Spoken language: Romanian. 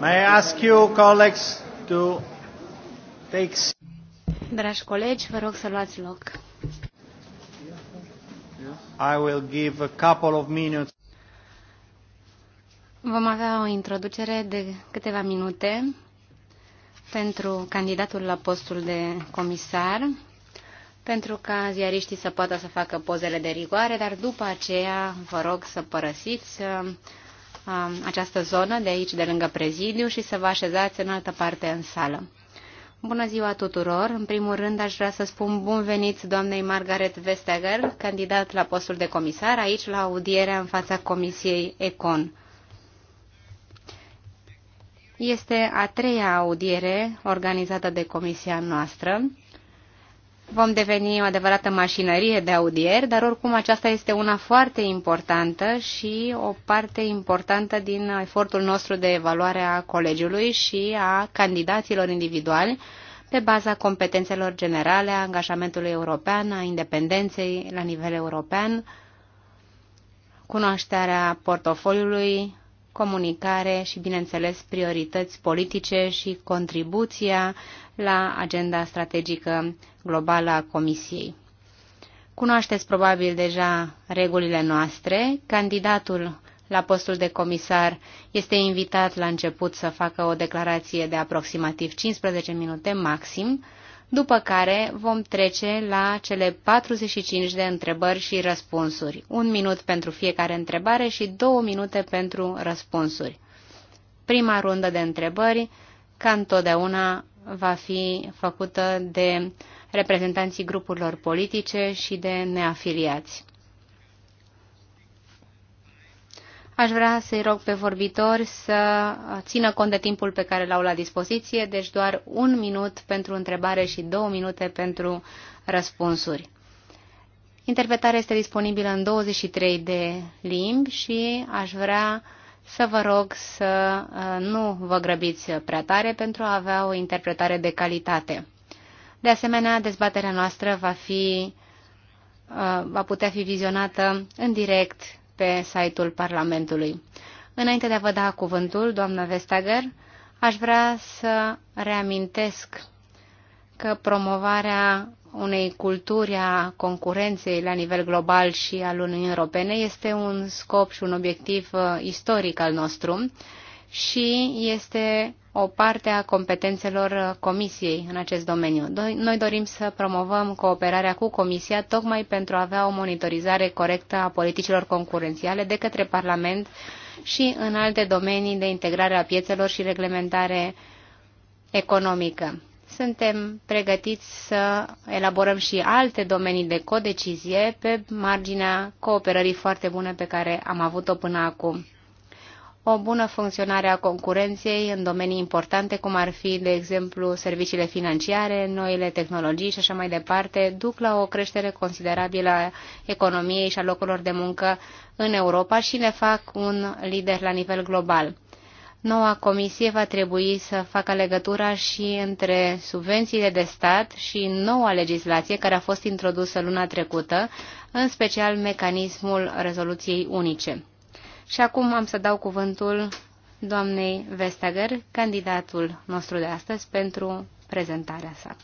May I ask you, colleagues, to take... Dragi colegi, vă rog să luați loc. I will give a couple of minutes. Vom avea o introducere de câteva minute pentru candidatul la postul de comisar, pentru ca ziariștii să poată să facă pozele de rigoare, dar după aceea vă rog să părăsiți Um, această zonă de aici, de lângă prezidiu și să vă așezați în altă parte în sală. Bună ziua tuturor! În primul rând aș vrea să spun bun venit doamnei Margaret Vestager, candidat la postul de comisar, aici la audierea în fața Comisiei ECON. Este a treia audiere organizată de comisia noastră vom deveni o adevărată mașinărie de audier, dar oricum aceasta este una foarte importantă și o parte importantă din efortul nostru de evaluare a colegiului și a candidaților individuali pe baza competențelor generale, a angajamentului european, a independenței la nivel european, cunoașterea portofoliului comunicare și, bineînțeles, priorități politice și contribuția la agenda strategică globală a Comisiei. Cunoașteți probabil deja regulile noastre. Candidatul la postul de comisar este invitat la început să facă o declarație de aproximativ 15 minute maxim, după care vom trece la cele 45 de întrebări și răspunsuri. Un minut pentru fiecare întrebare și două minute pentru răspunsuri. Prima rundă de întrebări, ca întotdeauna, va fi făcută de reprezentanții grupurilor politice și de neafiliați. Aș vrea să-i rog pe vorbitori să țină cont de timpul pe care l-au la dispoziție, deci doar un minut pentru întrebare și două minute pentru răspunsuri. Interpretarea este disponibilă în 23 de limbi și aș vrea să vă rog să uh, nu vă grăbiți prea tare pentru a avea o interpretare de calitate. De asemenea, dezbaterea noastră va fi uh, va putea fi vizionată în direct pe site-ul Parlamentului. Înainte de a vă da cuvântul, doamna Vestager, aș vrea să reamintesc că promovarea unei culturi a concurenței la nivel global și al Uniunii Europene este un scop și un obiectiv uh, istoric al nostru și este o parte a competențelor Comisiei în acest domeniu. Noi dorim să promovăm cooperarea cu Comisia tocmai pentru a avea o monitorizare corectă a politicilor concurențiale de către Parlament și în alte domenii de integrare a piețelor și reglementare economică. Suntem pregătiți să elaborăm și alte domenii de codecizie pe marginea cooperării foarte bune pe care am avut-o până acum o bună funcționare a concurenței în domenii importante, cum ar fi, de exemplu, serviciile financiare, noile tehnologii și așa mai departe, duc la o creștere considerabilă a economiei și a locurilor de muncă în Europa și ne fac un lider la nivel global. Noua comisie va trebui să facă legătura și între subvențiile de stat și noua legislație care a fost introdusă luna trecută, în special mecanismul rezoluției unice. Și acum am să dau cuvântul doamnei Vestager, candidatul nostru de astăzi, pentru prezentarea sa.